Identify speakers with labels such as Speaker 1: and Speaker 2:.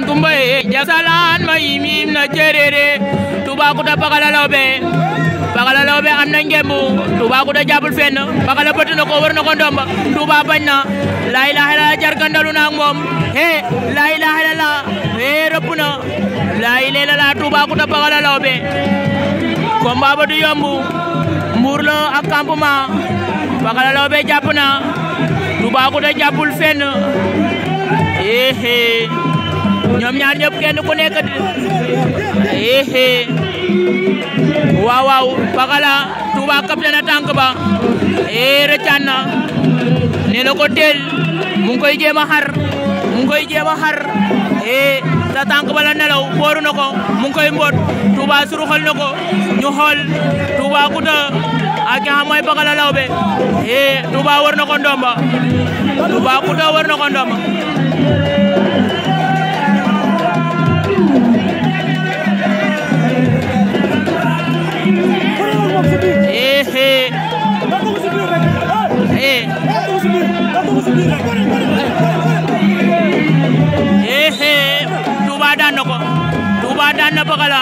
Speaker 1: an kumbaye eh, eh. jasalan ma imim na cerere Toubacouta Pakala Lawbe Pakala Lawbe am na ngembu Toubacouta jàppul fenn Pakala bëtt na ko war na ko ndomba Touba bañ na la ilaha illallah jarkandalu na ak moom he la ilaha illallah he rëpp na la ilaha illallah Toubacouta Pakala Lawbe combat ba du yombu mbuur la ak campement Pakala Lawbe jàpp na Toubacouta jàppul fenn ehe ñoom ñaar ñëpp kenn ku nekk ehe waaw waaw Pakala Touba capté na tànk ba ee rëccaan na nee ko teel mu ngi koy jéem a xar mu ngi koy ee sa tànk la nelaw booru na ko mu ngi koy mboot Touba ñu xool Touba Kuta ak nga xam mooy Pakala Lawbe ee Touba war na
Speaker 2: ko ndomba Touba Kuta war na
Speaker 1: Touba daan na ko Touba daan na Pakala